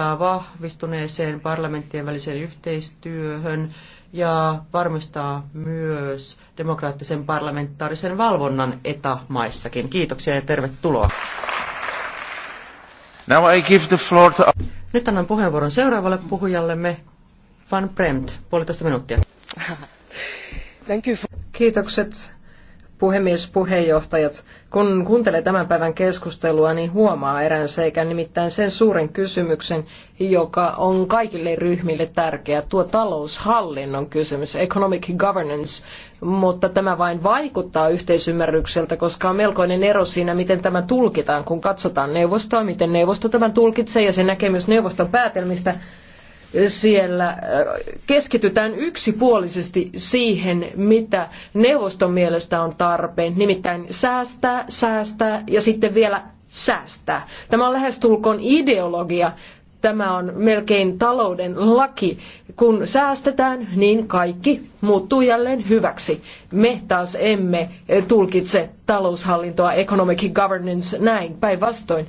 johtaa vahvistuneeseen parlamenttien väliseen yhteistyöhön ja varmistaa myös demokraattisen parlamentaarisen valvonnan etämaissakin. Kiitoksia ja tervetuloa. Now I give the floor to... Nyt annan puheenvuoron seuraavalle puhujallemme, Van Bremt, puolitoista minuuttia. Kiitokset puhemies, puheenjohtajat, kun kuuntelee tämän päivän keskustelua, niin huomaa erään seikan, nimittäin sen suuren kysymyksen, joka on kaikille ryhmille tärkeä, tuo taloushallinnon kysymys, economic governance, mutta tämä vain vaikuttaa yhteisymmärrykseltä, koska on melkoinen ero siinä, miten tämä tulkitaan, kun katsotaan neuvostoa, miten neuvosto tämän tulkitsee ja se näkemys neuvoston päätelmistä siellä äh, keskitytään yksipuolisesti siihen, mitä neuvoston mielestä on tarpeen, nimittäin säästää, säästää ja sitten vielä säästää. Tämä on lähestulkoon ideologia, tämä on melkein talouden laki. Kun säästetään, niin kaikki muuttuu jälleen hyväksi. Me taas emme tulkitse taloushallintoa, economic governance, näin päinvastoin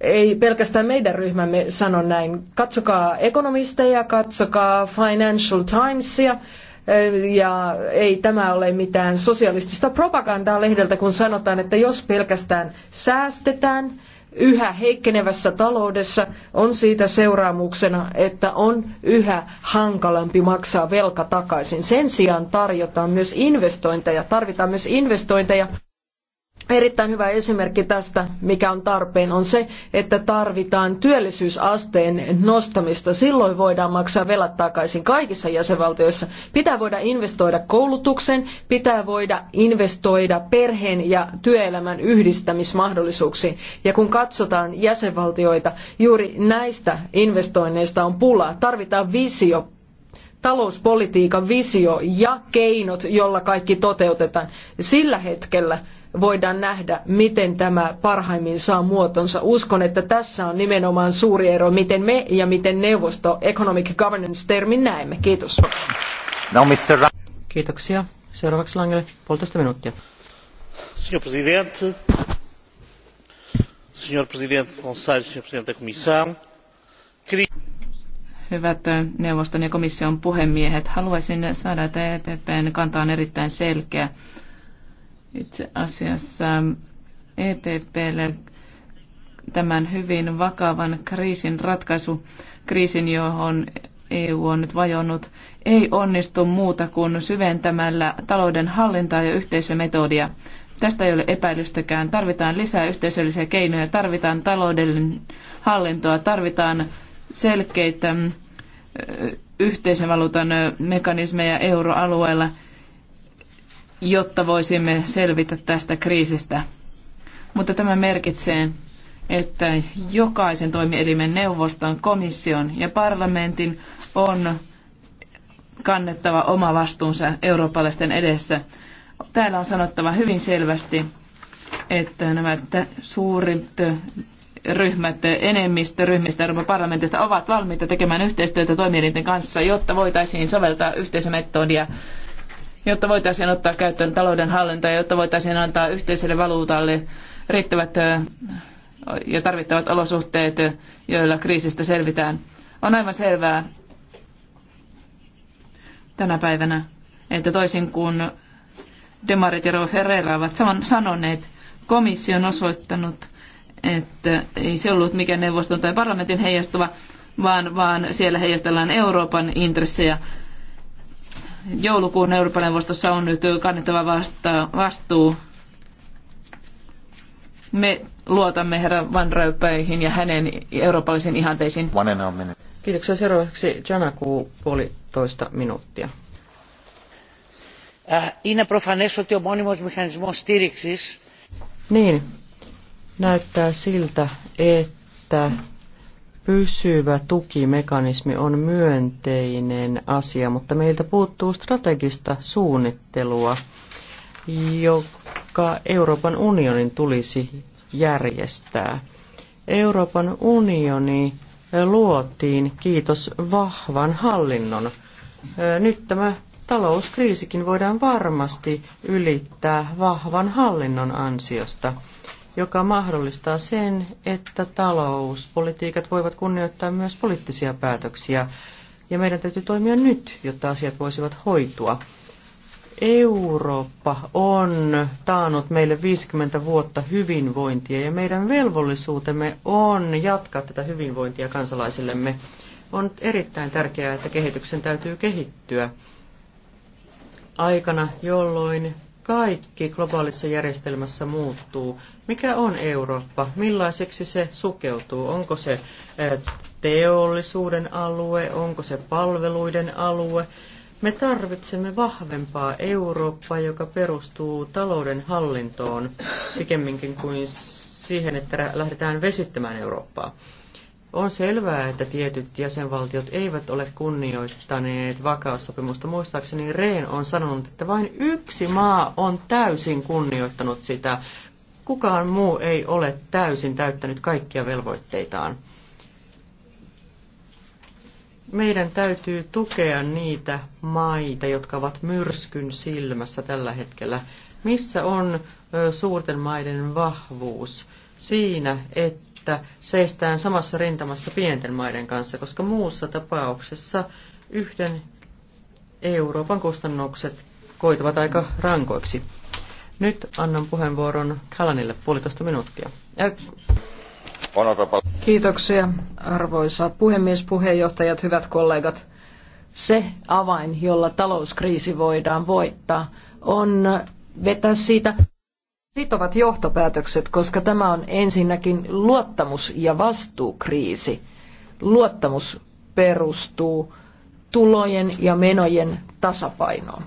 ei pelkästään meidän ryhmämme sano näin. Katsokaa ekonomisteja, katsokaa Financial Timesia eh, ja ei tämä ole mitään sosialistista propagandaa lehdeltä, kun sanotaan, että jos pelkästään säästetään yhä heikkenevässä taloudessa, on siitä seuraamuksena, että on yhä hankalampi maksaa velka takaisin. Sen sijaan tarjotaan myös investointeja, tarvitaan myös investointeja Erittäin hyvä esimerkki tästä, mikä on tarpeen, on se, että tarvitaan työllisyysasteen nostamista. Silloin voidaan maksaa velat takaisin kaikissa jäsenvaltioissa. Pitää voida investoida koulutukseen, pitää voida investoida perheen ja työelämän yhdistämismahdollisuuksiin. Ja kun katsotaan jäsenvaltioita, juuri näistä investoinneista on pulaa. Tarvitaan visio talouspolitiikan visio ja keinot, jolla kaikki toteutetaan. Sillä hetkellä voidaan nähdä, miten tämä parhaimmin saa muotonsa. Uskon, että tässä on nimenomaan suuri ero, miten me ja miten neuvosto economic governance-termin näemme. Kiitos. No, Mr. Kiitoksia. Seuraavaksi Langelle puolitoista minuuttia. Signor Presidente, signor Presidente del signor Presidente della Commissione. Hyvät eh, neuvoston ja komission puhemiehet, haluaisin saada, että EPPn kanta on erittäin selkeä itse asiassa EPPlle tämän hyvin vakavan kriisin ratkaisu, kriisin johon EU on nyt vajonnut, ei onnistu muuta kuin syventämällä talouden hallintaa ja yhteisömetodia. Tästä ei ole epäilystäkään. Tarvitaan lisää yhteisöllisiä keinoja, tarvitaan taloudellinen hallintoa, tarvitaan selkeitä yhteisen valuutan mekanismeja euroalueella – jotta voisimme selvitä tästä kriisistä. Mutta tämä merkitsee, että jokaisen toimielimen neuvoston, komission ja parlamentin on kannettava oma vastuunsa eurooppalaisten edessä. Täällä on sanottava hyvin selvästi, että nämä suurimmat ryhmät, enemmistö ryhmistä Euroopan parlamentista ovat valmiita tekemään yhteistyötä toimielinten kanssa, jotta voitaisiin soveltaa yhteisömetodia jotta voitaisiin ottaa käyttöön talouden hallinta ja jotta voitaisiin antaa yhteiselle valuutalle riittävät ja tarvittavat olosuhteet, joilla kriisistä selvitään. On aivan selvää tänä päivänä, että toisin kuin Demarit ja Ferreira ovat sanoneet, komissio on osoittanut, että ei se ollut mikään neuvoston tai parlamentin heijastuva, vaan, vaan siellä heijastellaan Euroopan intressejä joulukuun Euroopan neuvostossa on nyt kannettava vasta- vastuu. Me luotamme herra Van Röypäihin ja hänen eurooppalaisiin ihanteisiin. Kiitoksia. Seuraavaksi Janaku puolitoista minuuttia. Είναι προφανές ότι ο μόνιμος μηχανισμός στήριξης... Niin, näyttää siltä, että pysyvä tukimekanismi on myönteinen asia, mutta meiltä puuttuu strategista suunnittelua, joka Euroopan unionin tulisi järjestää. Euroopan unioni luotiin, kiitos vahvan hallinnon. Nyt tämä talouskriisikin voidaan varmasti ylittää vahvan hallinnon ansiosta joka mahdollistaa sen, että talouspolitiikat voivat kunnioittaa myös poliittisia päätöksiä. Ja meidän täytyy toimia nyt, jotta asiat voisivat hoitua. Eurooppa on taannut meille 50 vuotta hyvinvointia ja meidän velvollisuutemme on jatkaa tätä hyvinvointia kansalaisillemme. On erittäin tärkeää, että kehityksen täytyy kehittyä aikana, jolloin kaikki globaalissa järjestelmässä muuttuu. Mikä on Eurooppa? Millaiseksi se sukeutuu? Onko se teollisuuden alue? Onko se palveluiden alue? Me tarvitsemme vahvempaa Eurooppaa, joka perustuu talouden hallintoon pikemminkin kuin siihen, että lähdetään vesittämään Eurooppaa. On selvää, että tietyt jäsenvaltiot eivät ole kunnioittaneet vakaussopimusta. Muistaakseni Rehn on sanonut, että vain yksi maa on täysin kunnioittanut sitä. Kukaan muu ei ole täysin täyttänyt kaikkia velvoitteitaan. Meidän täytyy tukea niitä maita, jotka ovat myrskyn silmässä tällä hetkellä. Missä on suurten maiden vahvuus? Siinä, että että seistään samassa rintamassa pienten maiden kanssa, koska muussa tapauksessa yhden Euroopan kustannukset koituvat aika rankoiksi. Nyt annan puheenvuoron Kalanille puolitoista minuuttia. Ja... Kiitoksia arvoisa puhemies, puheenjohtajat, hyvät kollegat. Se avain, jolla talouskriisi voidaan voittaa, on vetää siitä sitovat johtopäätökset, koska tämä on ensinnäkin luottamus- ja vastuukriisi. Luottamus perustuu tulojen ja menojen tasapainoon.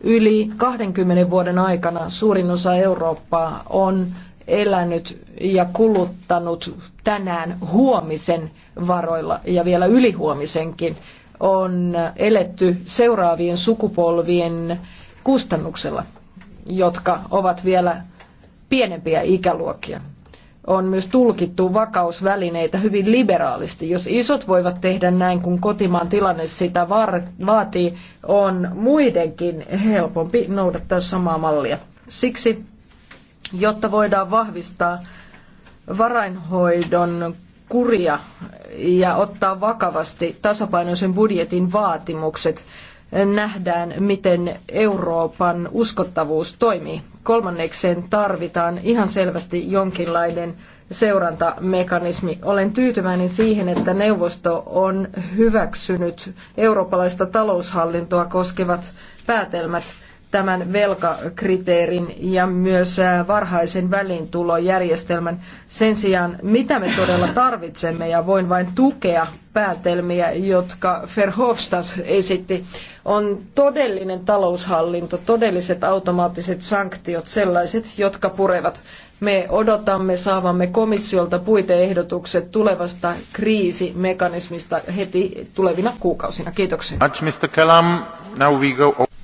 Yli 20 vuoden aikana suurin osa Eurooppaa on elänyt ja kuluttanut tänään huomisen varoilla ja vielä ylihuomisenkin on eletty seuraavien sukupolvien kustannuksella jotka ovat vielä pienempiä ikäluokkia. On myös tulkittu vakausvälineitä hyvin liberaalisti. Jos isot voivat tehdä näin, kun kotimaan tilanne sitä vaatii, on muidenkin helpompi noudattaa samaa mallia. Siksi, jotta voidaan vahvistaa varainhoidon kuria ja ottaa vakavasti tasapainoisen budjetin vaatimukset, nähdään, miten Euroopan uskottavuus toimii. Kolmannekseen tarvitaan ihan selvästi jonkinlainen seurantamekanismi. Olen tyytyväinen siihen, että neuvosto on hyväksynyt eurooppalaista taloushallintoa koskevat päätelmät – tämän velkakriteerin ja myös äh, varhaisen välintulojärjestelmän. Sen sijaan, mitä me todella tarvitsemme, ja voin vain tukea päätelmiä, jotka Verhofstadt esitti, on todellinen taloushallinto, todelliset automaattiset sanktiot, sellaiset, jotka purevat. Me odotamme saavamme komissiolta puiteehdotukset tulevasta kriisimekanismista heti tulevina kuukausina. Kiitoksia.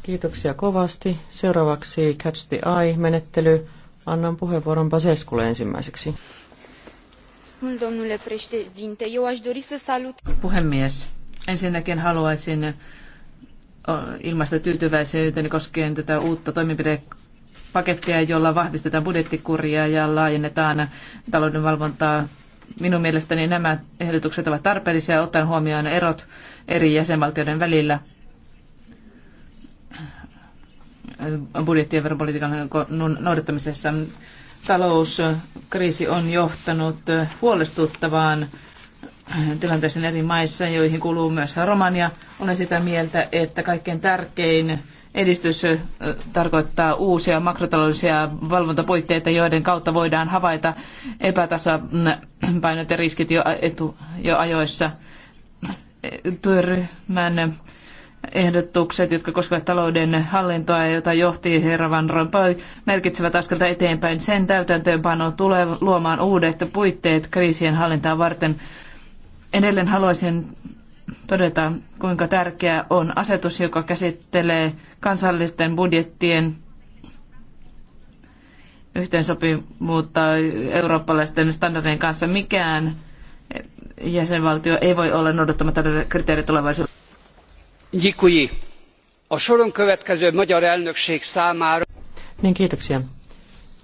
Kiitoksia kovasti. Seuraavaksi Catch the Eye-menettely. Annan puheenvuoron Paseskulle ensimmäiseksi. Puhemies, ensinnäkin haluaisin ilmaista tyytyväisyyteni koskien tätä uutta toimenpidepakettia, jolla vahvistetaan budjettikuria ja laajennetaan talouden valvontaa. Minun mielestäni nämä ehdotukset ovat tarpeellisia ottaen huomioon erot eri jäsenvaltioiden välillä – budjetti- ja veropolitiikan noudattamisessa. Talouskriisi on johtanut huolestuttavaan tilanteeseen eri maissa, joihin kuuluu myös Romania. Olen sitä mieltä, että kaikkein tärkein edistys tarkoittaa uusia makrotaloudellisia valvontapuitteita, joiden kautta voidaan havaita epätasapainot ja riskit jo, etu, jo ajoissa. Työryhmän ehdotukset, jotka koskevat talouden hallintoa, jota johti herra Van Rompuy, merkitsevät askelta eteenpäin. Sen täytäntöönpano tulee luomaan uudet puitteet kriisien hallintaa varten. Edelleen haluaisin todeta, kuinka tärkeä on asetus, joka käsittelee kansallisten budjettien yhteensopivuutta eurooppalaisten standardien kanssa. Mikään jäsenvaltio ei voi olla noudattamatta tätä kriteeriä tulevaisuudessa a soron következő magyar elnökség számára... Niin, kiitoksia.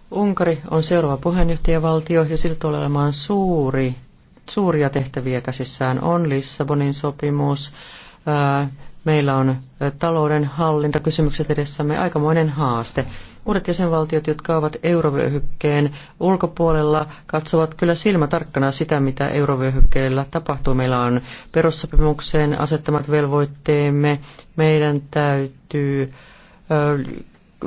Unkari on seuraava puheenjohtajavaltio ja sillä olemaan suuri, suuria tehtäviä käsissään. On Lissabonin sopimus, ää, Meillä on talouden hallintakysymykset edessämme aikamoinen haaste. Uudet jäsenvaltiot, jotka ovat eurovyöhykkeen ulkopuolella, katsovat kyllä tarkkana sitä, mitä eurovyöhykkeellä tapahtuu. Meillä on perussopimukseen asettamat velvoitteemme. Meidän täytyy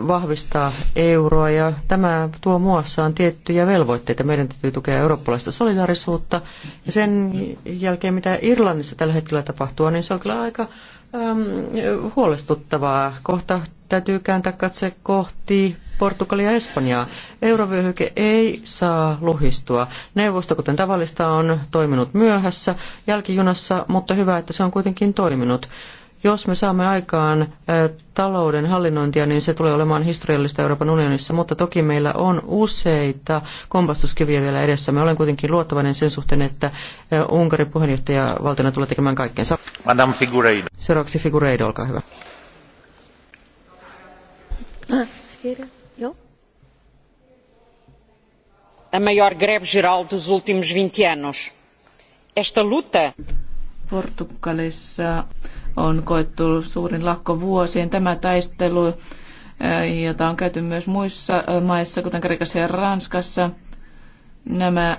vahvistaa euroa ja tämä tuo muassaan tiettyjä velvoitteita. Meidän täytyy tukea eurooppalaista solidaarisuutta ja sen jälkeen mitä Irlannissa tällä hetkellä tapahtuu, niin se on kyllä aika Ähm, huolestuttavaa. Kohta täytyy kääntää katse kohti Portugalia ja Espanjaa. Eurovyöhyke ei saa luhistua. Neuvosto, kuten tavallista, on toiminut myöhässä jälkijunassa, mutta hyvä, että se on kuitenkin toiminut. Jos me saamme aikaan talouden hallinnointia, niin se tulee olemaan historiallista Euroopan unionissa, mutta toki meillä on useita kompastuskiviä vielä edessä. Me olen kuitenkin luottavainen sen suhteen, että Unkarin puheenjohtajavaltiona tulee tekemään kaikkensa. Madame Figureido. Seuraavaksi Figureido, olkaa hyvä. A maior greve geral dos últimos 20 anos. Esta luta Portugalissa on koettu suurin lakko vuosien. Tämä taistelu, eh, jota on käyty myös muissa eh, maissa, kuten Kreikassa ja Ranskassa, nämä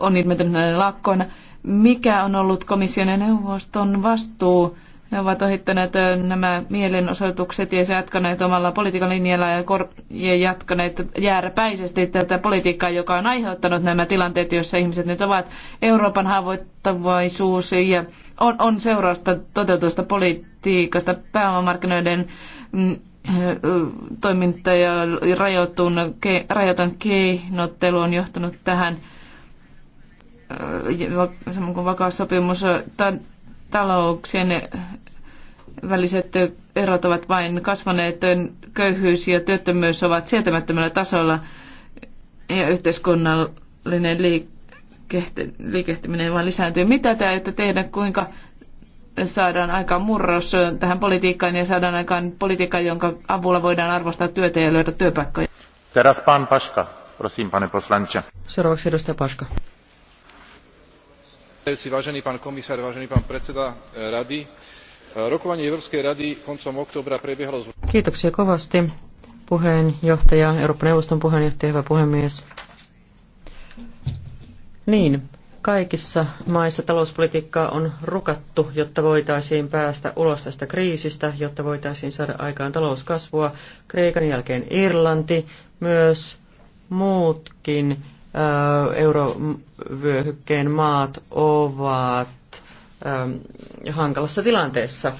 on ilmentynyt näiden lakkoina. Mikä on ollut komission ja neuvoston vastuu he ovat ohittaneet nämä mielenosoitukset ja jatkaneet omalla politiikan linjalla ja, kor- ja jatkaneet jääräpäisesti tätä politiikkaa, joka on aiheuttanut nämä tilanteet, joissa ihmiset nyt ovat. Euroopan haavoittavaisuus ja on, on seurausta toteutusta politiikasta pääomamarkkinoiden mm, toiminta ja rajoitun, ke, rajoitan keinottelu on johtanut tähän samoin kuin vakaussopimus talouksien väliset erot ovat vain kasvaneet, köyhyys ja työttömyys ovat sietämättömällä tasolla ja yhteiskunnallinen liikehti, liikehtyminen vain lisääntyy. Mitä te aiotte tehdä, kuinka saadaan aikaan murros tähän politiikkaan ja saadaan aikaan politiikka, jonka avulla voidaan arvostaa työtä ja löydä työpaikkoja? Teraz pan Paska. Prosim, pane poslanče. Seuraavaksi edustaja Paska Eh, eh, rokovanie Európskej rady koncom októbra prebiehalo... Kiitoksia kovasti puheenjohtaja, Euroopan neuvoston puheenjohtaja, hyvä puhemies. Niin, kaikissa maissa talouspolitiikkaa on rukattu, jotta voitaisiin päästä ulos tästä kriisistä, jotta voitaisiin saada aikaan talouskasvua. Kreikan jälkeen Irlanti, myös muutkin eurovyöhykkeen maat ovat hankalassa tilanteessa.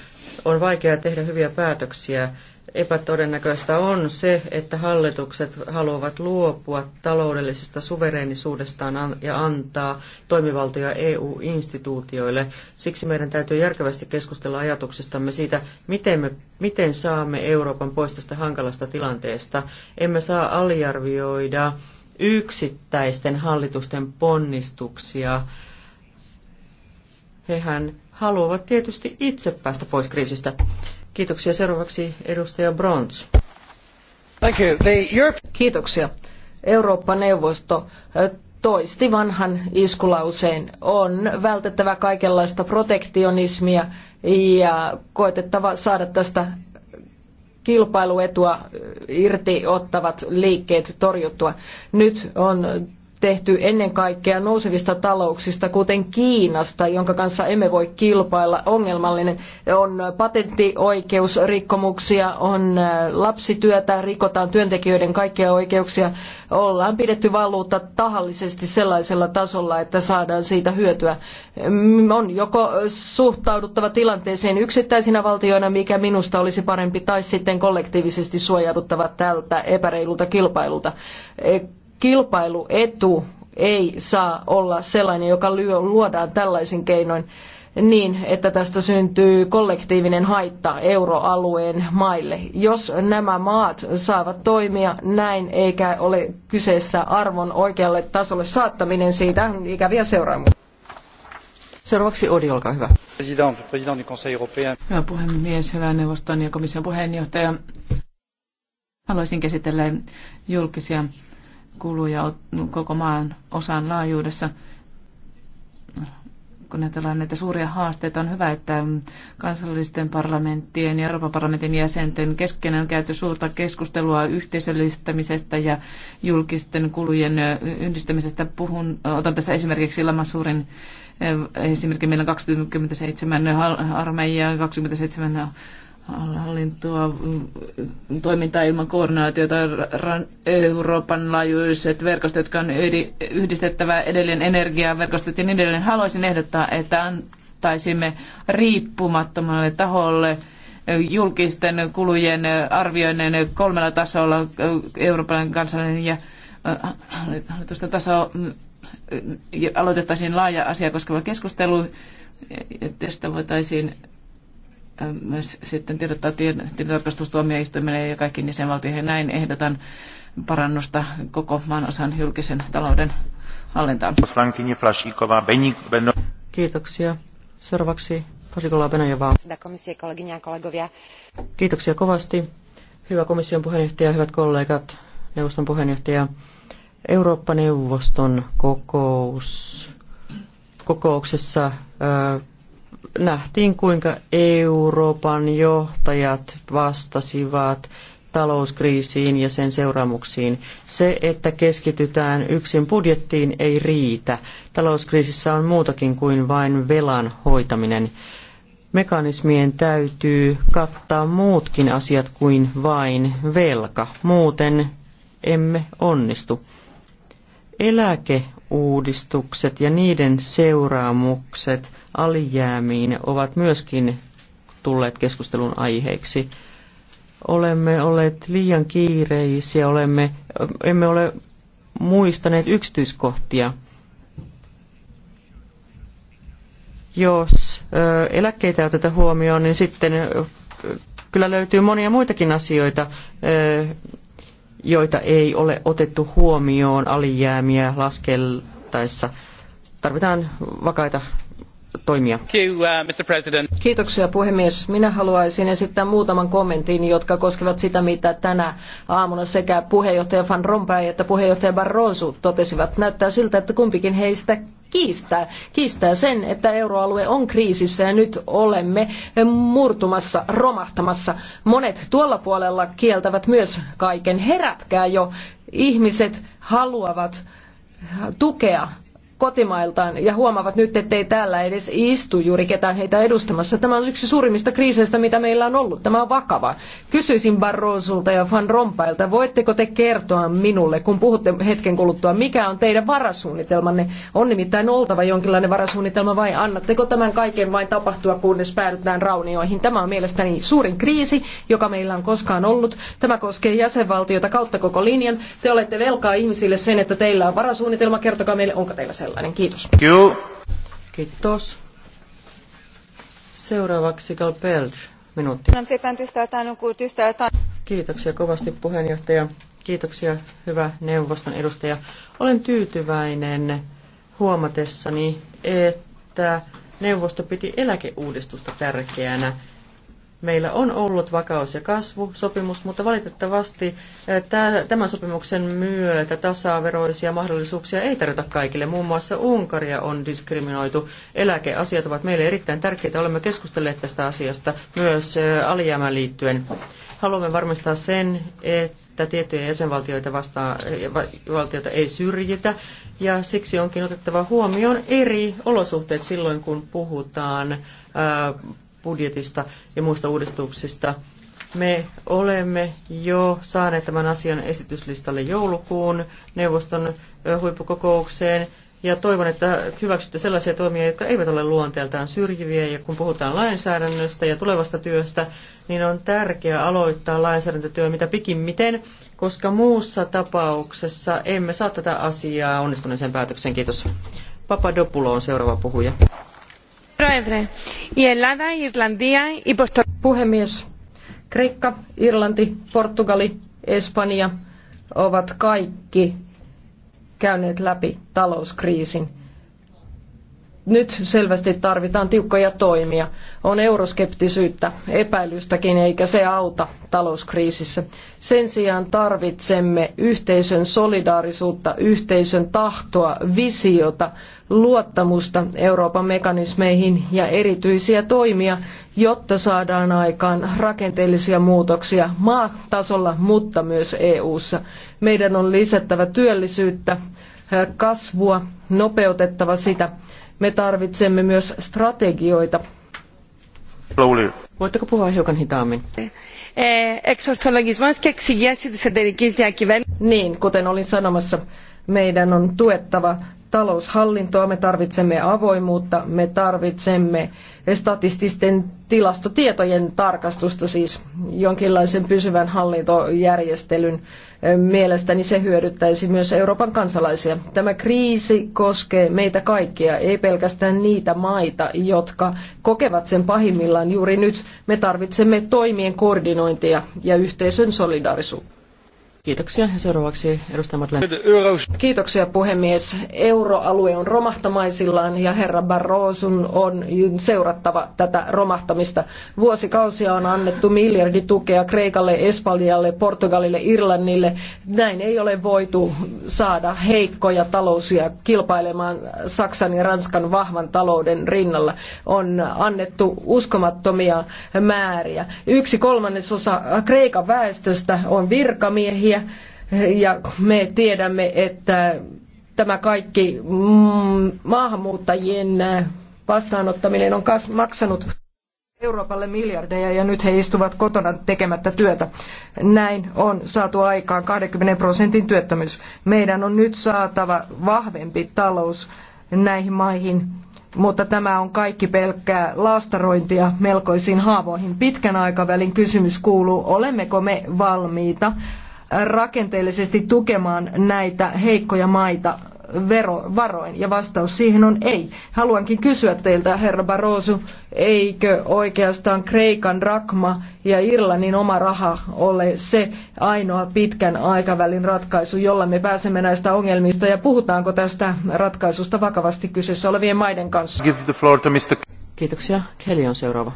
On vaikea tehdä hyviä päätöksiä. Epätodennäköistä on se, että hallitukset haluavat luopua taloudellisesta suvereenisuudestaan ja antaa toimivaltoja EU-instituutioille. Siksi meidän täytyy järkevästi keskustella ajatuksistamme siitä, miten, me, miten saamme Euroopan pois tästä hankalasta tilanteesta. Emme saa aliarvioida yksittäisten hallitusten ponnistuksia. Hehän haluavat tietysti itse päästä pois kriisistä. Kiitoksia. Seuraavaksi edustaja Brons. Kiitoksia. Eurooppa-neuvosto toisti vanhan iskulauseen. On vältettävä kaikenlaista protektionismia ja koetettava saada tästä kilpailuetua irti ottavat liikkeet torjuttua. Nyt on tehty ennen kaikkea nousevista talouksista, kuten Kiinasta, jonka kanssa emme voi kilpailla. Ongelmallinen on patenttioikeusrikkomuksia, on äh, lapsityötä, rikotaan työntekijöiden kaikkia oikeuksia. Ollaan pidetty valuutta tahallisesti sellaisella tasolla, että saadaan siitä hyötyä. Mm, on joko suhtauduttava tilanteeseen yksittäisinä valtioina, mikä minusta olisi parempi, tai sitten kollektiivisesti suojauduttava tältä epäreilulta kilpailulta. Eh, kilpailuetu ei saa olla sellainen, joka luodaan tällaisin keinoin niin, että tästä syntyy kollektiivinen haitta euroalueen maille. Jos nämä maat saavat toimia näin, eikä ole kyseessä arvon oikealle tasolle saattaminen, siitä on ikäviä seuraamuksia. Seuraavaksi Odi, olkaa hyvä. President, president du Conseil européen. Hyvä puhemies, hyvä neuvoston ja komission puheenjohtaja. Haluaisin käsitellä julkisia kuluja koko maan osan laajuudessa. Kun ajatellaan näitä suuria haasteita, on hyvä, että kansallisten parlamenttien ja Euroopan parlamentin jäsenten kesken on käyty suurta keskustelua yhteisöllistämisestä ja julkisten kulujen yhdistämisestä. Puhun, otan tässä esimerkiksi Lamassuurin esimerkiksi eh, meillä on 27 armeijaa, 27 hallintoa, mm, toimintaa ilman koordinaatiota, Euroopan laajuiset verkostot, jotka on yhdistettävä edelleen energiaverkostot ja niin edelleen. Haluaisin ehdottaa, että antaisimme riippumattomalle taholle julkisten kulujen arvioinnin kolmella tasolla, Euroopan kansallinen ja hallitusten taso, mm, aloitettaisiin laaja asia koskeva keskustelu, että sitä voitaisiin myös sitten tiedottaa tilintarkastustuomioistuimelle ja kaikkiin jäsenvaltioihin. Näin ehdotan parannusta koko maan osan julkisen talouden hallintaan. Kiitoksia. Seuraavaksi Fasikola Benajevaa. Kiitoksia kovasti. Hyvä komission puheenjohtaja, hyvät kollegat, neuvoston puheenjohtaja. Eurooppa-neuvoston kokous, kokouksessa nähtiin, kuinka Euroopan johtajat vastasivat talouskriisiin ja sen seuraamuksiin. Se, että keskitytään yksin budjettiin, ei riitä. Talouskriisissä on muutakin kuin vain velan hoitaminen. Mekanismien täytyy kattaa muutkin asiat kuin vain velka. Muuten emme onnistu. Eläkeuudistukset ja niiden seuraamukset – alijäämiin ovat myöskin tulleet keskustelun aiheeksi. Olemme olleet liian kiireisiä, olemme, emme ole muistaneet yksityiskohtia. Jos ö, eläkkeitä otetaan huomioon, niin sitten ö, kyllä löytyy monia muitakin asioita, ö, joita ei ole otettu huomioon alijäämiä laskeltaessa. Tarvitaan vakaita toimia. Uh, Kiitoksia puhemies. Minä haluaisin esittää muutaman kommentin, jotka koskevat sitä, mitä tänä aamuna sekä puheenjohtaja Van Rompuy että puheenjohtaja Barroso totesivat. Näyttää siltä, että kumpikin heistä kiistää, kiistää sen, että euroalue on kriisissä ja nyt olemme murtumassa, romahtamassa. Monet tuolla puolella kieltävät myös kaiken. Herätkää jo. Ihmiset haluavat tukea kotimailtaan ja huomaavat nyt, ettei täällä edes istu juuri ketään heitä edustamassa. Tämä on yksi suurimmista kriiseistä, mitä meillä on ollut. Tämä on vakava. Kysyisin Barrosolta ja Van Rompailta, voitteko te kertoa minulle, kun puhutte hetken kuluttua, mikä on teidän varasuunnitelmanne? On nimittäin oltava jonkinlainen varasuunnitelma vai annatteko tämän kaiken vain tapahtua, kunnes päädytään raunioihin? Tämä on mielestäni suurin kriisi, joka meillä on koskaan ollut. Tämä koskee jäsenvaltiota kautta koko linjan. Te olette velkaa ihmisille sen, että teillä on varasuunnitelma. Kertokaa meille, onko teillä sellainen sellainen. Kiitos. Kiitos. Seuraavaksi Kalpelge, minuutti. Kiitoksia kovasti puheenjohtaja. Kiitoksia hyvä neuvoston edustaja. Olen tyytyväinen huomatessani, että neuvosto piti eläkeuudistusta tärkeänä Meillä on ollut vakaus- ja kasvusopimus, mutta valitettavasti eh, tämän sopimuksen myötä tasaveroisia mahdollisuuksia ei tarjota kaikille. Muun muassa Unkaria on diskriminoitu. Eläkeasiat ovat meille erittäin tärkeitä. Olemme keskustelleet tästä asiasta myös eh, alijäämään liittyen. Haluamme varmistaa sen, että tiettyjä jäsenvaltioita vastaan, eh, valtioita ei syrjitä, ja siksi onkin otettava huomioon eri olosuhteet silloin, kun puhutaan budjetista ja muista uudistuksista. Me olemme jo saaneet tämän asian esityslistalle joulukuun neuvoston huippukokoukseen ja toivon, että hyväksytte sellaisia toimia, jotka eivät ole luonteeltaan syrjiviä. Ja kun puhutaan lainsäädännöstä ja tulevasta työstä, niin on tärkeää aloittaa lainsäädäntötyö mitä pikimmiten, koska muussa tapauksessa emme saa tätä asiaa onnistuneeseen päätökseen. Kiitos. Papadopulo on seuraava puhuja. Puhemies, Kreikka, Irlanti, Portugali, Espanja ovat kaikki käyneet läpi talouskriisin nyt selvästi tarvitaan tiukkoja toimia. On euroskeptisyyttä, epäilystäkin, eikä se auta talouskriisissä. Sen sijaan tarvitsemme yhteisön solidaarisuutta, yhteisön tahtoa, visiota, luottamusta Euroopan mekanismeihin ja erityisiä toimia, jotta saadaan aikaan rakenteellisia muutoksia maatasolla, mutta myös EU:ssa. Meidän on lisättävä työllisyyttä, kasvua, nopeutettava sitä me tarvitsemme myös strategioita. Voitteko puhua hiukan hitaammin? Niin, kuten olin sanomassa, meidän on tuettava taloushallintoa, me tarvitsemme avoimuutta, me tarvitsemme statististen tilastotietojen tarkastusta, siis jonkinlaisen pysyvän hallintojärjestelyn mielestäni se hyödyttäisi myös Euroopan kansalaisia. Tämä kriisi koskee meitä kaikkia, ei pelkästään niitä maita, jotka kokevat sen pahimmillaan juuri nyt. Me tarvitsemme toimien koordinointia ja yhteisön solidaarisuutta. Kiitoksia. seuraavaksi edustaja Madeleine. Kiitoksia puhemies. Euroalue on romahtamaisillaan ja herra Barroson on seurattava tätä romahtamista. Vuosikausia on annettu miljarditukea Kreikalle, Espanjalle, Portugalille, Irlannille. Näin ei ole voitu saada heikkoja talouksia kilpailemaan Saksan ja Ranskan vahvan talouden rinnalla. On annettu uskomattomia määriä. Yksi kolmannesosa Kreikan väestöstä on virkamiehiä ihmisiä ja me tiedämme, että tämä kaikki mm, maahanmuuttajien äh, vastaanottaminen on maksanut Euroopalle miljardeja ja nyt he istuvat kotona tekemättä työtä. Näin on saatu aikaan 20 prosentin työttömyys. Meidän on nyt saatava vahvempi talous näihin maihin, mutta tämä on kaikki pelkkää laastarointia melkoisiin haavoihin. Pitkän aikavälin kysymys kuuluu, olemmeko me valmiita rakenteellisesti tukemaan näitä heikkoja maita verovaroin? Ja vastaus siihen on ei. Haluankin kysyä teiltä, herra Barroso, eikö oikeastaan Kreikan rakma ja Irlannin oma raha ole se ainoa pitkän aikavälin ratkaisu, jolla me pääsemme näistä ongelmista ja puhutaanko tästä ratkaisusta vakavasti kyseessä olevien maiden kanssa? Kiitoksia. Kelly on seuraava.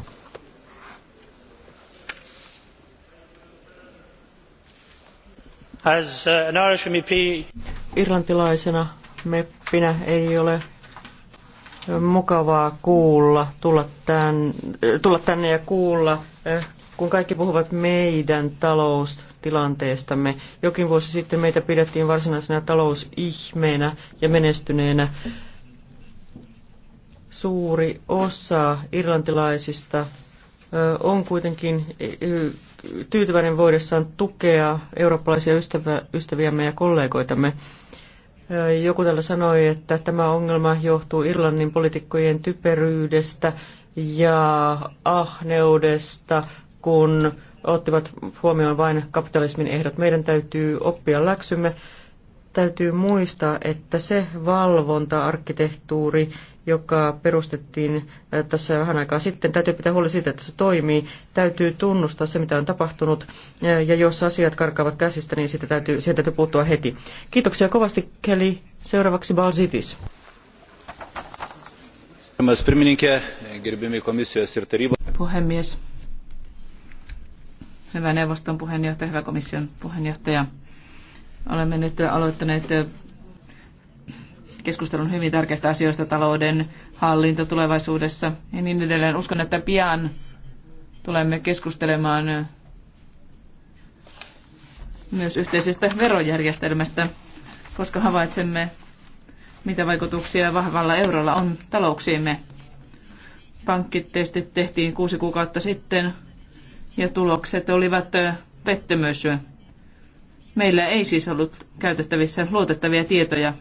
As uh, an Irish MEP... Irlantilaisena meppinä ei ole mukavaa kuulla, tulla, tän, tulla tänne ja kuulla, kun kaikki puhuvat meidän taloustilanteestamme. Jokin vuosi sitten meitä pidettiin varsinaisena talousihmeenä ja menestyneenä. Suuri osa irlantilaisista on kuitenkin tyytyväinen voidessaan tukea eurooppalaisia ystävä, ystäviämme ja kollegoitamme. Joku täällä sanoi, että tämä ongelma johtuu Irlannin poliitikkojen typeryydestä ja ahneudesta, kun ottivat huomioon vain kapitalismin ehdot. Meidän täytyy oppia läksymme. Täytyy muistaa, että se valvonta-arkkitehtuuri, joka perustettiin tässä vähän aikaa sitten. Täytyy pitää huoli siitä, että se toimii. Täytyy tunnustaa se, mitä on tapahtunut. Ja jos asiat karkaavat käsistä, niin siitä täytyy, siihen täytyy puuttua heti. Kiitoksia kovasti, Kelly. Seuraavaksi Balsitis. Puhemies. Hyvä neuvoston puheenjohtaja, hyvä komission puheenjohtaja. Olemme nyt aloittaneet keskustelun hyvin tärkeistä asioista, talouden hallinta tulevaisuudessa ja niin edelleen. Uskon, että pian tulemme keskustelemaan myös yhteisestä verojärjestelmästä, koska havaitsemme, mitä vaikutuksia vahvalla eurolla on talouksiimme. Pankkitestit tehtiin kuusi kuukautta sitten ja tulokset olivat pettymys. Meillä ei siis ollut käytettävissä luotettavia tietoja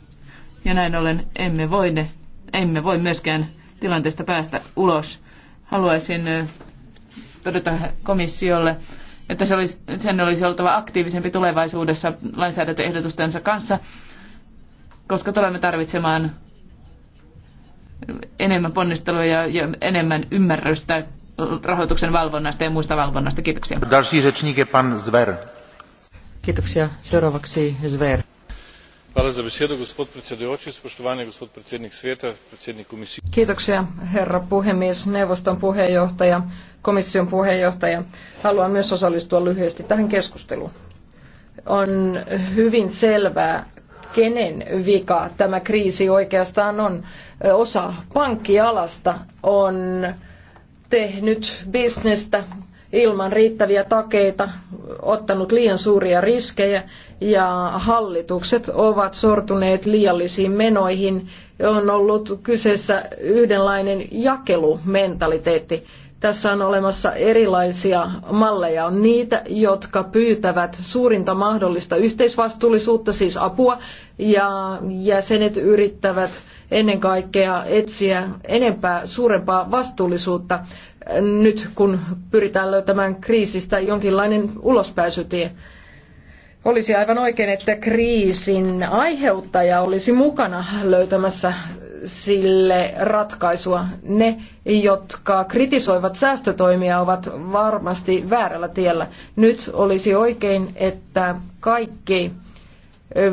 ja näin ollen emme voi, ne, emme voi myöskään tilanteesta päästä ulos. Haluaisin todeta komissiolle, että se olisi, sen olisi oltava aktiivisempi tulevaisuudessa lainsäädäntöehdotustensa kanssa, koska tulemme tarvitsemaan enemmän ponnisteluja ja, ja enemmän ymmärrystä rahoituksen valvonnasta ja muista valvonnasta. Kiitoksia. Kiitoksia. Seuraavaksi Zver. Kiitoksia herra puhemies, neuvoston puheenjohtaja, komission puheenjohtaja. Haluan myös osallistua lyhyesti tähän keskusteluun. On hyvin selvää, kenen vika tämä kriisi oikeastaan on. Osa pankkialasta on tehnyt bisnestä ilman riittäviä takeita, ottanut liian suuria riskejä ja hallitukset ovat sortuneet liiallisiin menoihin. On ollut kyseessä yhdenlainen jakelumentaliteetti. Tässä on olemassa erilaisia malleja. On niitä, jotka pyytävät suurinta mahdollista yhteisvastuullisuutta, siis apua, ja jäsenet yrittävät ennen kaikkea etsiä enempää suurempaa vastuullisuutta nyt, kun pyritään löytämään kriisistä jonkinlainen ulospääsytie. Olisi aivan oikein, että kriisin aiheuttaja olisi mukana löytämässä sille ratkaisua. Ne, jotka kritisoivat säästötoimia, ovat varmasti väärällä tiellä. Nyt olisi oikein, että kaikki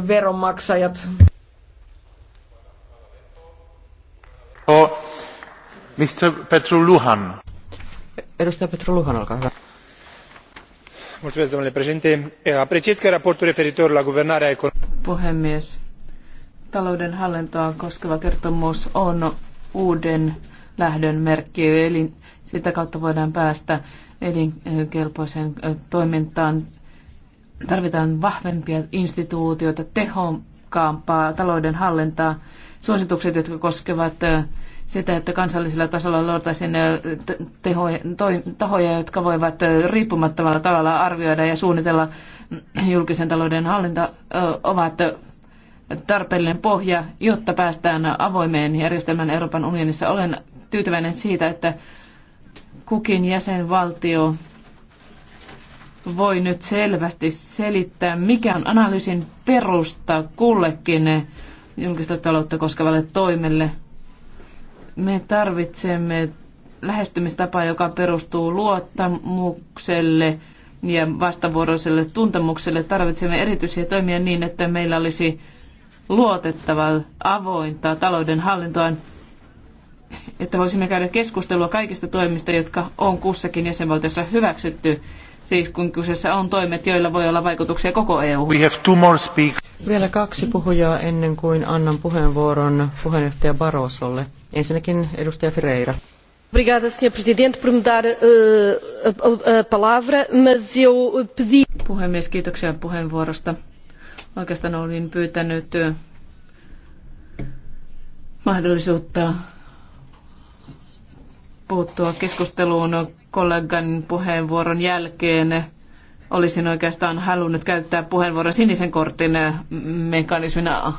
veronmaksajat. Mr. Petru Luhan. Edustaja Petru Luhan, olkaa hyvä. Mulțumesc, domnule președinte. E, apreciez că raportul referitor la guvernarea economică... Puhemies, talouden hallintoa koskeva kertomus on uuden lähdön merkki, eli sitä kautta voidaan päästä elinkelpoiseen toimintaan. Tarvitaan vahvempia instituutioita, tehokkaampaa talouden hallintaa. Suositukset, jotka koskevat sitä, että kansallisella tasolla luotaisiin tahoja, jotka voivat riippumattomalla tavalla arvioida ja suunnitella mm, julkisen talouden hallinta, ovat tarpeellinen pohja, jotta päästään avoimeen järjestelmään Euroopan unionissa. Olen tyytyväinen siitä, että kukin jäsenvaltio voi nyt selvästi selittää, mikä on analyysin perusta kullekin julkista taloutta koskevalle toimelle – me tarvitsemme lähestymistapaa, joka perustuu luottamukselle ja vastavuoroiselle tuntemukselle. Tarvitsemme erityisiä toimia niin, että meillä olisi luotettavaa, avointa talouden hallintoa, että voisimme käydä keskustelua kaikista toimista, jotka on kussakin jäsenvaltiossa hyväksytty, siis kun kyseessä on toimet, joilla voi olla vaikutuksia koko EU. We have two more speak. Vielä kaksi puhujaa ennen kuin annan puheenvuoron puheenjohtaja Barosolle. Ensinnäkin edustaja Ferreira. Obrigada, senhor presidente, por me dar eh, a palavra, mas eu pedi... Puhemies, kiitoksia puheenvuorosta. Oikeastaan olin pyytänyt eh, mahdollisuutta puuttua keskusteluun kollegan puheenvuoron jälkeen. Olisin oikeastaan halunnut käyttää puheenvuoron sinisen kortin eh, mekanismina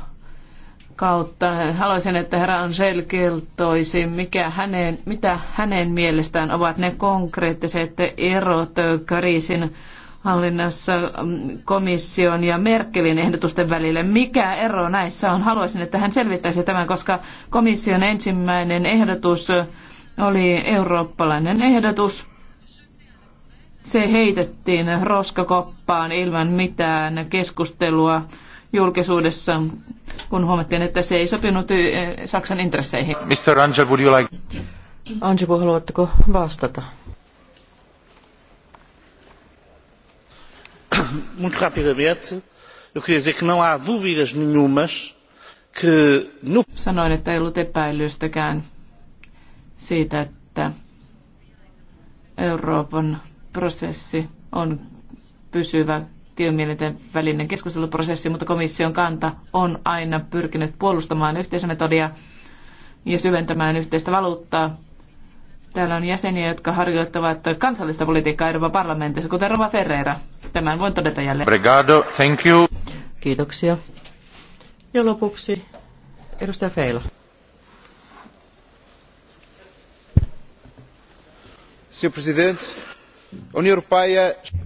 kautta. Haluaisin, että herra Angel kertoisi, mikä hänen, mitä hänen mielestään ovat ne konkreettiset erot kriisin hallinnassa mm, komission ja Merkelin ehdotusten välille. Mikä ero näissä on? Haluaisin, että hän selvittäisi tämän, koska komission ensimmäinen ehdotus oli eurooppalainen ehdotus. Se heitettiin roskakoppaan ilman mitään keskustelua julkisuudessa, kun huomattiin, että se ei sopinut eh, Saksan intresseihin. Mr. Angel, would you like... Angel, haluatteko vastata? Muito rapidamente, eu queria dizer que não há dúvidas nenhumas que... No... Sanoin, että ei ollut epäilystäkään siitä, että Euroopan prosessi on pysyvä valtiomielinen välinen keskusteluprosessi, mutta komission kanta on aina pyrkinyt puolustamaan yhteisömetodia ja syventämään yhteistä valuuttaa. Täällä on jäseniä, jotka harjoittavat kansallista politiikkaa Euroopan parlamentissa, kuten Rova Ferreira. Tämän voin todeta jälleen. Brigado, thank you. Kiitoksia. Ja lopuksi edustaja Feila.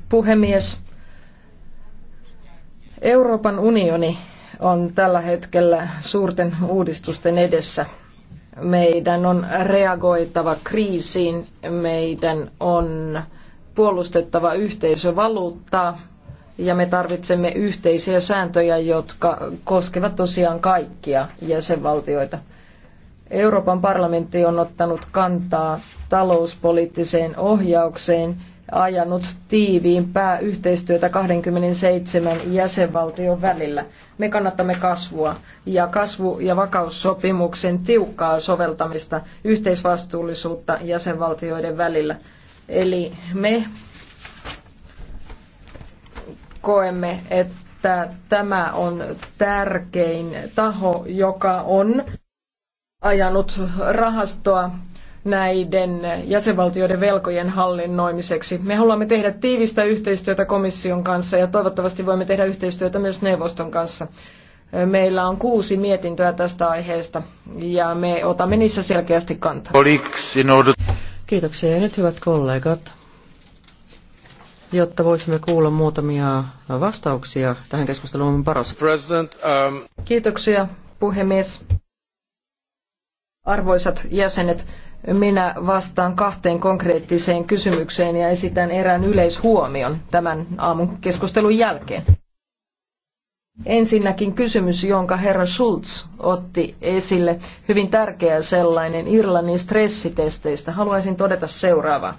Puhemies, Euroopan unioni on tällä hetkellä suurten uudistusten edessä. Meidän on reagoitava kriisiin, meidän on puolustettava yhteisövaluuttaa ja me tarvitsemme yhteisiä sääntöjä, jotka koskevat tosiaan kaikkia jäsenvaltioita. Euroopan parlamentti on ottanut kantaa talouspoliittiseen ohjaukseen – ajanut tiiviimpää yhteistyötä 27 jäsenvaltion välillä. Me kannatamme kasvua ja kasvu- ja vakaussopimuksen tiukkaa soveltamista yhteisvastuullisuutta jäsenvaltioiden välillä. Eli me koemme, että tämä on tärkein taho, joka on ajanut rahastoa näiden jäsenvaltioiden velkojen hallinnoimiseksi. Me haluamme tehdä tiivistä yhteistyötä komission kanssa ja toivottavasti voimme tehdä yhteistyötä myös neuvoston kanssa. Meillä on kuusi mietintöä tästä aiheesta ja me otamme niissä selkeästi kantaa. Kiitoksia ja nyt hyvät kollegat. Jotta voisimme kuulla muutamia vastauksia tähän keskusteluun on paras. Um- Kiitoksia puhemies. Arvoisat jäsenet, minä vastaan kahteen konkreettiseen kysymykseen ja esitän erään yleishuomion tämän aamun keskustelun jälkeen. Ensinnäkin kysymys, jonka herra Schulz otti esille, hyvin tärkeä sellainen Irlannin stressitesteistä. Haluaisin todeta seuraavaa.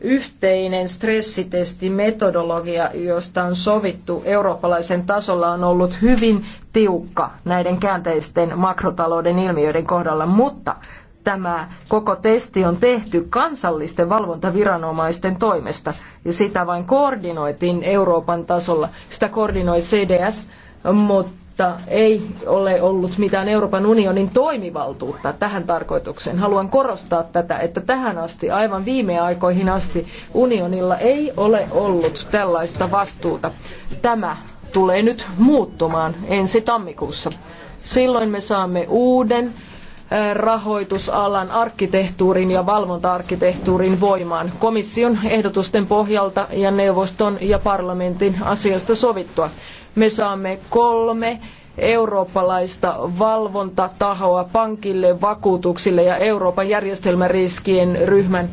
Yhteinen stressitestimetodologia, josta on sovittu eurooppalaisen tasolla, on ollut hyvin tiukka näiden käänteisten makrotalouden ilmiöiden kohdalla, mutta tämä koko testi on tehty kansallisten valvontaviranomaisten toimesta ja sitä vain koordinoitiin Euroopan tasolla. Sitä koordinoi CDS, mutta ei ole ollut mitään Euroopan unionin toimivaltuutta tähän tarkoitukseen. Haluan korostaa tätä, että tähän asti, aivan viime aikoihin asti, unionilla ei ole ollut tällaista vastuuta. Tämä tulee nyt muuttumaan ensi tammikuussa. Silloin me saamme uuden rahoitusalan arkkitehtuurin ja valvonta-arkkitehtuurin voimaan komission ehdotusten pohjalta ja neuvoston ja parlamentin asiasta sovittua. Me saamme kolme eurooppalaista valvontatahoa pankille, vakuutuksille ja Euroopan järjestelmäriskien ryhmän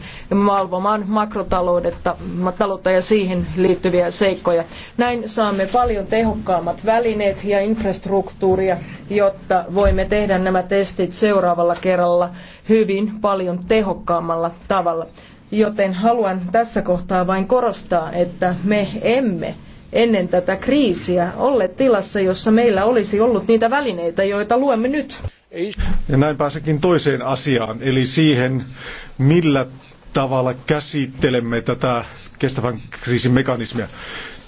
valvomaan makrotaloutta ja siihen liittyviä seikkoja. Näin saamme paljon tehokkaammat välineet ja infrastruktuuria, jotta voimme tehdä nämä testit seuraavalla kerralla hyvin paljon tehokkaammalla tavalla. Joten haluan tässä kohtaa vain korostaa, että me emme ennen tätä kriisiä olleet tilassa, jossa meillä olisi ollut niitä välineitä, joita luemme nyt. Ja näin pääsekin toiseen asiaan, eli siihen, millä tavalla käsittelemme tätä kestävän kriisin mekanismia.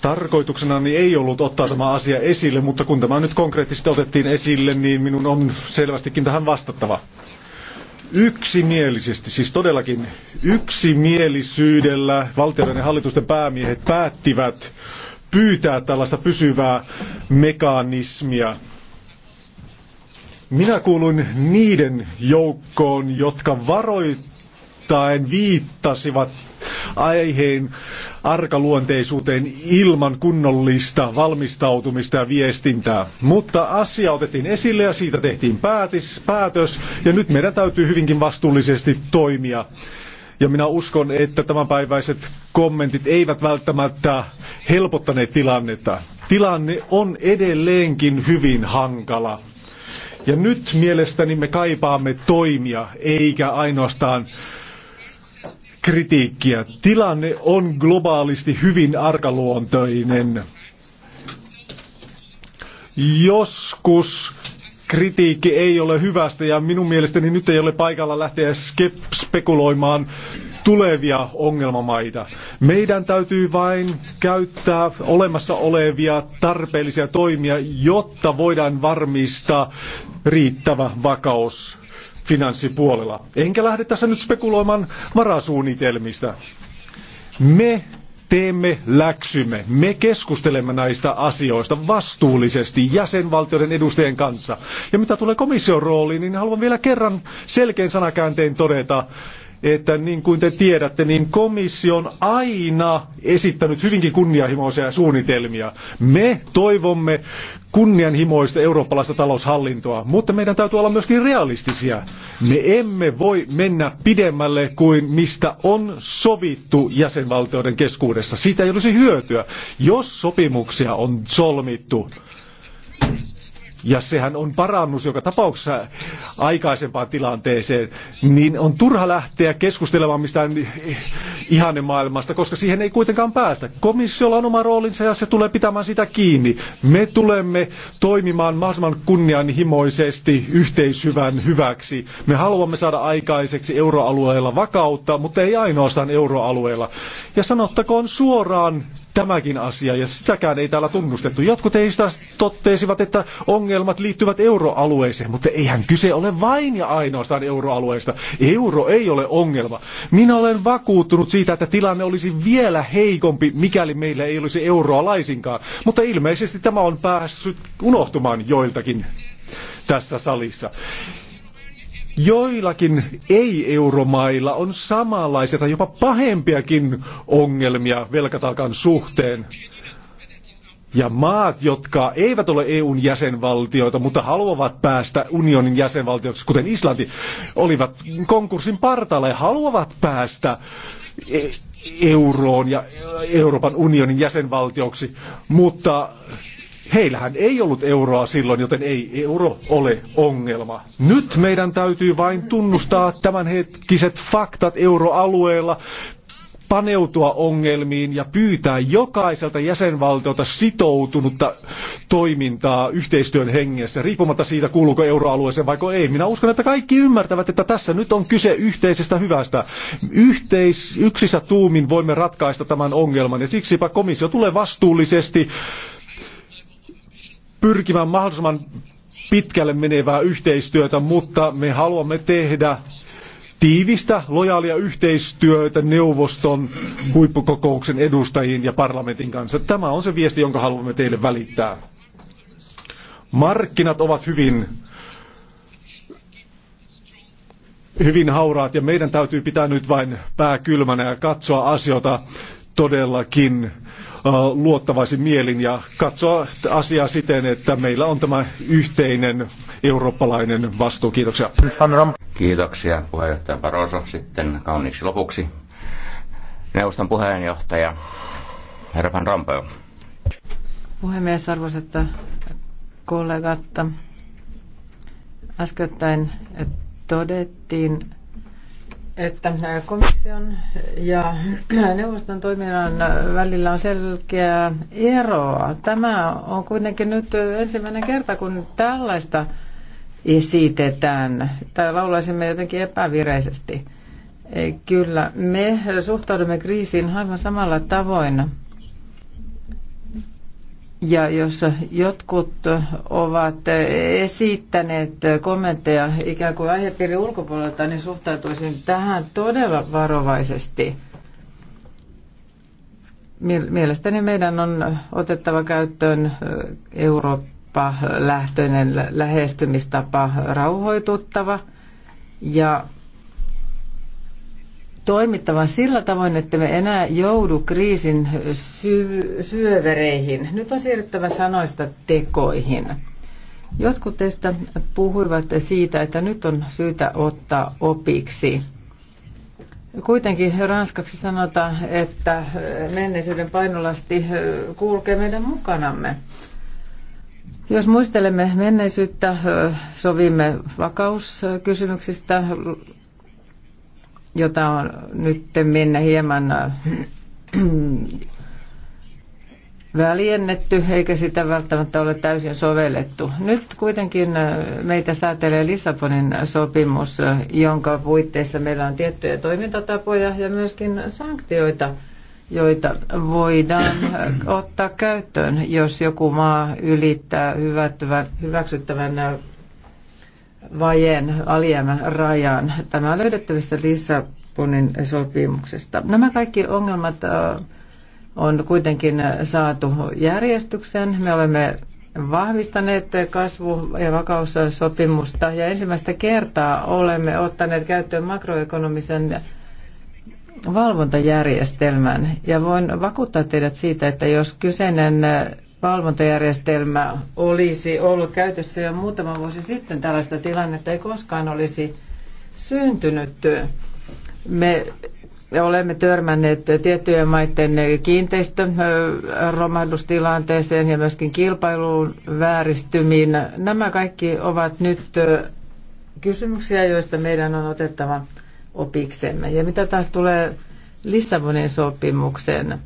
Tarkoituksena niin ei ollut ottaa tämä asia esille, mutta kun tämä nyt konkreettisesti otettiin esille, niin minun on selvästikin tähän vastattava. Yksimielisesti, siis todellakin yksimielisyydellä valtioiden ja hallitusten päämiehet päättivät pyytää tällaista pysyvää mekanismia. Minä kuulun niiden joukkoon, jotka varoittain viittasivat aiheen arkaluonteisuuteen ilman kunnollista valmistautumista ja viestintää. Mutta asia otettiin esille ja siitä tehtiin päätös ja nyt meidän täytyy hyvinkin vastuullisesti toimia. Ja minä uskon, että tämänpäiväiset kommentit eivät välttämättä helpottaneet tilannetta. Tilanne on edelleenkin hyvin hankala. Ja nyt mielestäni me kaipaamme toimia, eikä ainoastaan kritiikkiä. Tilanne on globaalisti hyvin arkaluontoinen. Joskus kritiikki ei ole hyvästä ja minun mielestäni nyt ei ole paikalla lähteä spekuloimaan tulevia ongelmamaita. Meidän täytyy vain käyttää olemassa olevia tarpeellisia toimia, jotta voidaan varmistaa riittävä vakaus finanssipuolella. Enkä lähde tässä nyt spekuloimaan varasuunnitelmista. Me Teemme läksymme. Me keskustelemme näistä asioista vastuullisesti jäsenvaltioiden edustajien kanssa. Ja mitä tulee komission rooliin, niin haluan vielä kerran selkeän sanakääntein todeta, että niin kuin te tiedätte, niin komissio on aina esittänyt hyvinkin kunnianhimoisia suunnitelmia. Me toivomme kunnianhimoista eurooppalaista taloushallintoa, mutta meidän täytyy olla myöskin realistisia. Me emme voi mennä pidemmälle kuin mistä on sovittu jäsenvaltioiden keskuudessa. Siitä ei olisi hyötyä, jos sopimuksia on solmittu ja sehän on parannus joka tapauksessa aikaisempaan tilanteeseen, niin on turha lähteä keskustelemaan mistään ihanne maailmasta, koska siihen ei kuitenkaan päästä. Komissiolla on oma roolinsa ja se tulee pitämään sitä kiinni. Me tulemme toimimaan mahdollisimman kunnianhimoisesti yhteishyvän hyväksi. Me haluamme saada aikaiseksi euroalueella vakautta, mutta ei ainoastaan euroalueella. Ja sanottakoon suoraan tämäkin asia, ja sitäkään ei täällä tunnustettu. Jotkut teistä totteisivat, että ongelmat liittyvät euroalueeseen, mutta eihän kyse ole vain ja ainoastaan euroalueesta. Euro ei ole ongelma. Minä olen vakuuttunut siitä, että tilanne olisi vielä heikompi, mikäli meillä ei olisi euroa laisinkaan, mutta ilmeisesti tämä on päässyt unohtumaan joiltakin tässä salissa. Joillakin ei-euromailla on samanlaisia tai jopa pahempiakin ongelmia velkataakan suhteen. Ja maat, jotka eivät ole EUn jäsenvaltioita, mutta haluavat päästä unionin jäsenvaltioiksi, kuten Islanti, olivat konkurssin partaalla ja haluavat päästä e- euroon ja Euroopan unionin jäsenvaltioksi, mutta Heillähän ei ollut euroa silloin, joten ei euro ole ongelma. Nyt meidän täytyy vain tunnustaa tämänhetkiset faktat euroalueella, paneutua ongelmiin ja pyytää jokaiselta jäsenvaltiolta sitoutunutta toimintaa yhteistyön hengessä, riippumatta siitä kuuluuko euroalueeseen vai ei. Minä uskon, että kaikki ymmärtävät, että tässä nyt on kyse yhteisestä hyvästä. Yhteis, yksissä tuumin voimme ratkaista tämän ongelman ja siksipä komissio tulee vastuullisesti pyrkimään mahdollisimman pitkälle menevää yhteistyötä, mutta me haluamme tehdä tiivistä, lojaalia yhteistyötä neuvoston huippukokouksen edustajien ja parlamentin kanssa. Tämä on se viesti, jonka haluamme teille välittää. Markkinat ovat hyvin hyvin hauraat ja meidän täytyy pitää nyt vain pää kylmänä ja katsoa asioita todellakin Äh, luottavaisin mielin ja katsoa asiaa siten, että meillä on tämä yhteinen eurooppalainen vastuu. Kiitoksia. Kiitoksia puheenjohtaja Barroso. Sitten kauniiksi lopuksi neuvoston puheenjohtaja herra Van Rompuy. Puhemies, arvoisat kollegat, äskettäin todettiin, että komission ja neuvoston toiminnan välillä on selkeää eroa. Tämä on kuitenkin nyt ensimmäinen kerta, kun tällaista esitetään. Tai laulaisimme jotenkin epävireisesti. Kyllä, me suhtaudumme kriisiin aivan samalla tavoin ja jos jotkut ovat esittäneet kommentteja ikään kuin aihepiirin ulkopuolelta, niin suhtautuisin tähän todella varovaisesti. Mielestäni meidän on otettava käyttöön Eurooppa-lähtöinen lähestymistapa rauhoituttava ja toimittava sillä tavoin, että me enää joudu kriisin syv- syövereihin. Nyt on siirryttävä sanoista tekoihin. Jotkut teistä puhuivat siitä, että nyt on syytä ottaa opiksi. Kuitenkin ranskaksi sanotaan, että menneisyyden painolasti kulkee meidän mukanamme. Jos muistelemme menneisyyttä, sovimme vakauskysymyksistä, jota on nyt hieman äh, väljennetty, eikä sitä välttämättä ole täysin sovellettu. Nyt kuitenkin äh, meitä säätelee Lissabonin sopimus, äh, jonka puitteissa meillä on tiettyjä toimintatapoja ja myöskin sanktioita, joita voidaan ottaa käyttöön, jos joku maa ylittää hyväksyttävän vajeen alijäämän rajaan. Tämä on löydettävissä Lissabonin sopimuksesta. Nämä kaikki ongelmat on kuitenkin saatu järjestykseen. Me olemme vahvistaneet kasvu- ja vakaussopimusta ja ensimmäistä kertaa olemme ottaneet käyttöön makroekonomisen valvontajärjestelmän. Ja voin vakuuttaa teidät siitä, että jos kyseinen valvontajärjestelmä olisi ollut käytössä jo muutama vuosi sitten, tällaista tilannetta ei koskaan olisi syntynyt. Me olemme törmänneet tiettyjen maiden kiinteistöromahdustilanteeseen ja myöskin kilpailuun vääristymiin. Nämä kaikki ovat nyt kysymyksiä, joista meidän on otettava opiksemme. Ja mitä taas tulee Lissabonin sopimukseen,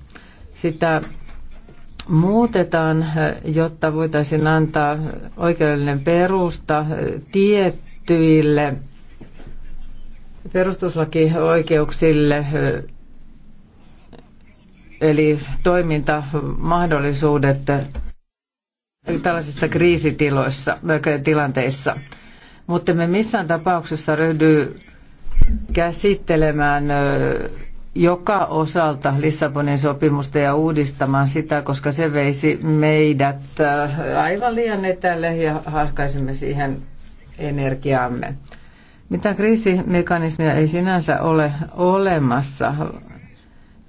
sitä muutetaan, jotta voitaisiin antaa oikeudellinen perusta tiettyille perustuslakioikeuksille, eli toimintamahdollisuudet tällaisissa kriisitiloissa, tilanteissa. Mutta me missään tapauksessa ryhdy käsittelemään joka osalta Lissabonin sopimusta ja uudistamaan sitä, koska se veisi meidät äh, aivan liian etälle ja haaskaisimme siihen energiaamme. Mitä kriisimekanismia ei sinänsä ole olemassa.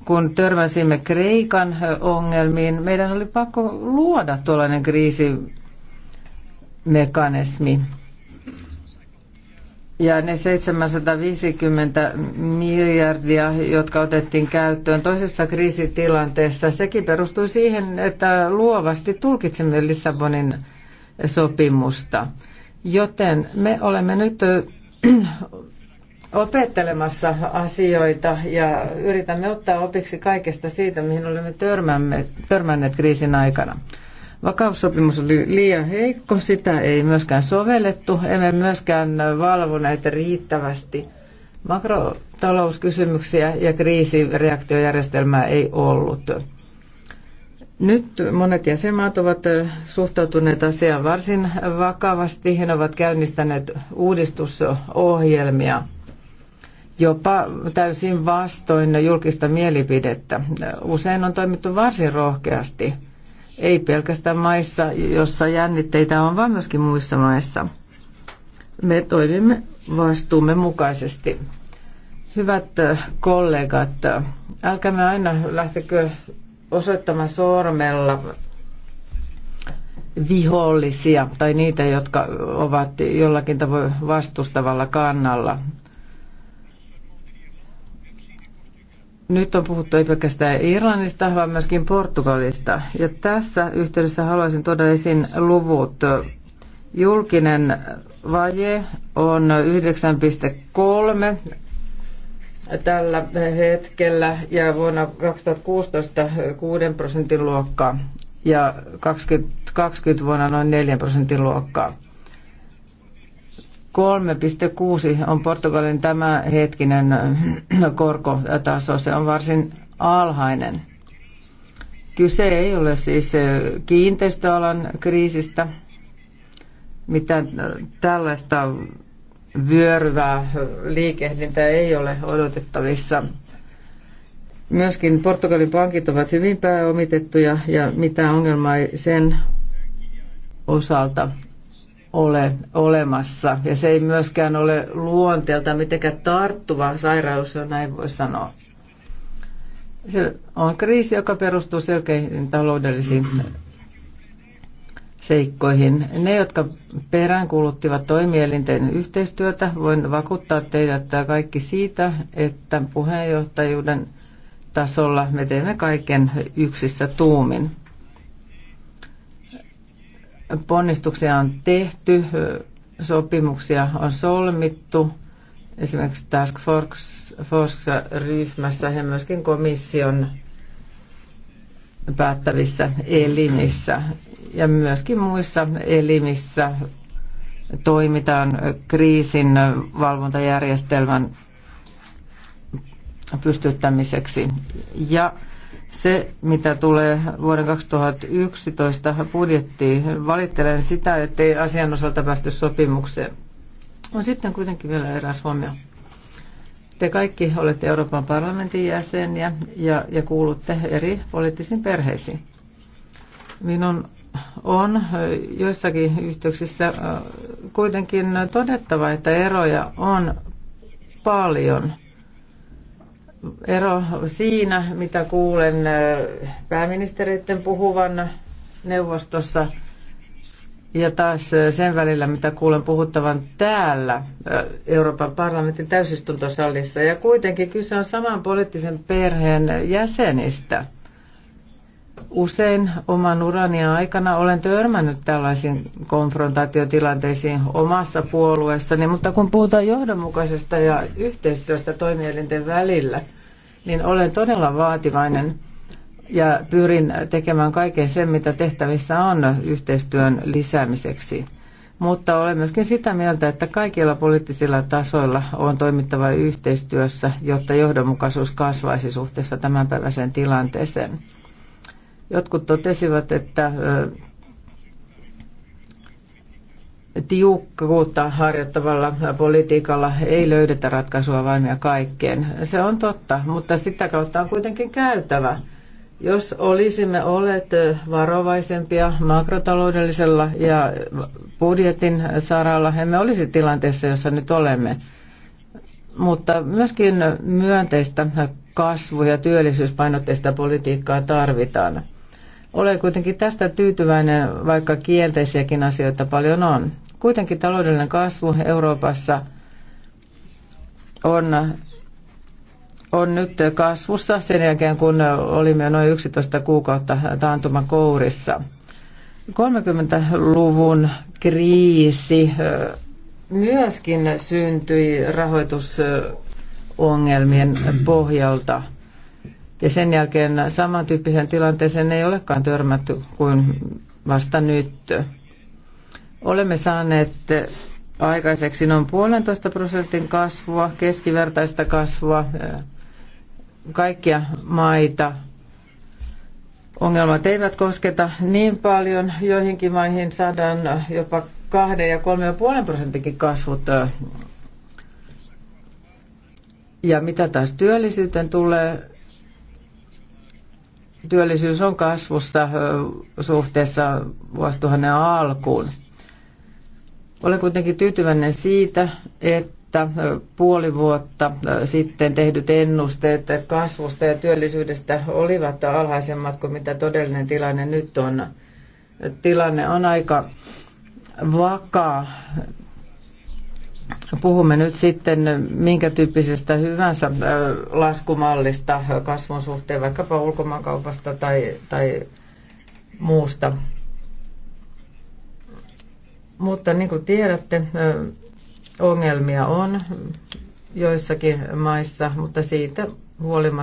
Kun törmäsimme Kreikan äh, ongelmiin, meidän oli pakko luoda tuollainen kriisimekanismi ja ne 750 miljardia, jotka otettiin käyttöön toisessa kriisitilanteessa, sekin perustui siihen, että luovasti tulkitsimme Lissabonin sopimusta. Joten me olemme nyt äh, opettelemassa asioita ja yritämme ottaa opiksi kaikesta siitä, mihin olemme törmänneet kriisin aikana. Vakaussopimus oli liian heikko, sitä ei myöskään sovellettu, emme myöskään valvoneet riittävästi. Makrotalouskysymyksiä ja kriisireaktiojärjestelmää ei ollut. Nyt monet jäsenmaat ovat suhtautuneet asiaan varsin vakavasti. He ovat käynnistäneet uudistusohjelmia jopa täysin vastoin julkista mielipidettä. Usein on toimittu varsin rohkeasti – ei pelkästään maissa, jossa jännitteitä on, vaan myöskin muissa maissa. Me toimimme vastuumme mukaisesti. Hyvät äh, kollegat, äh, älkäämme aina lähtekö osoittamaan sormella vihollisia tai niitä, jotka ovat jollakin tavoin vastustavalla kannalla. Nyt on puhuttu ei pelkästään Irlannista, vaan myöskin Portugalista. Ja tässä yhteydessä haluaisin tuoda esiin luvut. Julkinen vaje on 9,3 tällä hetkellä ja vuonna 2016 6 prosentin luokkaa ja 2020 vuonna noin 4 prosentin luokkaa. 3,6 on Portugalin tämänhetkinen korkotaso. Se on varsin alhainen. Kyse ei ole siis eh, kiinteistöalan kriisistä, mitä eh, tällaista vyöryvää liikehdintää ei ole odotettavissa. Myöskin Portugalin pankit ovat hyvin pääomitettuja ja mitä ongelmaa sen osalta ole olemassa. Ja se ei myöskään ole luonteelta mitenkään tarttuva sairaus, jo näin voi sanoa. Se on kriisi, joka perustuu selkeihin taloudellisiin seikkoihin. Ne, jotka peräänkuuluttivat toimielinten yhteistyötä, voin vakuuttaa teidät kaikki siitä, että puheenjohtajuuden tasolla me teemme kaiken yksissä tuumin. Ponnistuksia on tehty, sopimuksia on solmittu, esimerkiksi Task Force-ryhmässä ja myöskin komission päättävissä elimissä ja myöskin muissa elimissä toimitaan kriisin valvontajärjestelmän pystyttämiseksi. Ja se, mitä tulee vuoden 2011 budjettiin, valittelen sitä, ettei asian osalta päästy sopimukseen. On sitten kuitenkin vielä eräs huomio. Te kaikki olette Euroopan parlamentin jäseniä ja, ja kuulutte eri poliittisiin perheisiin. Minun on joissakin yhteyksissä äh, kuitenkin todettava, että eroja on paljon ero siinä, mitä kuulen äh, pääministereiden puhuvan neuvostossa ja taas äh, sen välillä, mitä kuulen puhuttavan täällä äh, Euroopan parlamentin täysistuntosalissa. Ja kuitenkin kyse on saman poliittisen perheen jäsenistä – Usein oman urani aikana olen törmännyt tällaisiin konfrontaatiotilanteisiin omassa puolueessani, mutta kun puhutaan johdonmukaisesta ja yhteistyöstä toimielinten välillä, niin olen todella vaativainen ja pyrin tekemään kaiken sen, mitä tehtävissä on yhteistyön lisäämiseksi. Mutta olen myöskin sitä mieltä, että kaikilla poliittisilla tasoilla on toimittava yhteistyössä, jotta johdonmukaisuus kasvaisi suhteessa tämänpäiväiseen tilanteeseen. Jotkut totesivat, että tiukkuutta harjoittavalla politiikalla ei löydetä ratkaisua vaimia kaikkeen. Se on totta, mutta sitä kautta on kuitenkin käytävä. Jos olisimme olleet varovaisempia makrotaloudellisella ja budjetin saralla, emme olisi tilanteessa, jossa nyt olemme. Mutta myöskin myönteistä kasvu- ja työllisyyspainotteista politiikkaa tarvitaan. Olen kuitenkin tästä tyytyväinen, vaikka kielteisiäkin asioita paljon on. Kuitenkin taloudellinen kasvu Euroopassa on, on nyt kasvussa sen jälkeen, kun olimme noin 11 kuukautta kourissa. 30-luvun kriisi myöskin syntyi rahoitusongelmien pohjalta. Ja sen jälkeen samantyyppiseen tilanteeseen ei olekaan törmätty kuin vasta nyt. Olemme saaneet aikaiseksi noin puolentoista prosentin kasvua, keskivertaista kasvua, kaikkia maita. Ongelmat eivät kosketa niin paljon. Joihinkin maihin saadaan jopa kahden ja kolme ja puolen prosentinkin kasvut. Ja mitä taas työllisyyteen tulee, työllisyys on kasvussa suhteessa vuosituhannen alkuun. Olen kuitenkin tyytyväinen siitä, että puoli vuotta sitten tehdyt ennusteet kasvusta ja työllisyydestä olivat alhaisemmat kuin mitä todellinen tilanne nyt on. Tilanne on aika vakaa puhumme nyt sitten minkä tyyppisestä hyvänsä äh, laskumallista kasvun suhteen, vaikkapa ulkomaankaupasta tai, tai muusta. Mutta niin kuin tiedätte, äh, ongelmia on joissakin maissa, mutta siitä huolimatta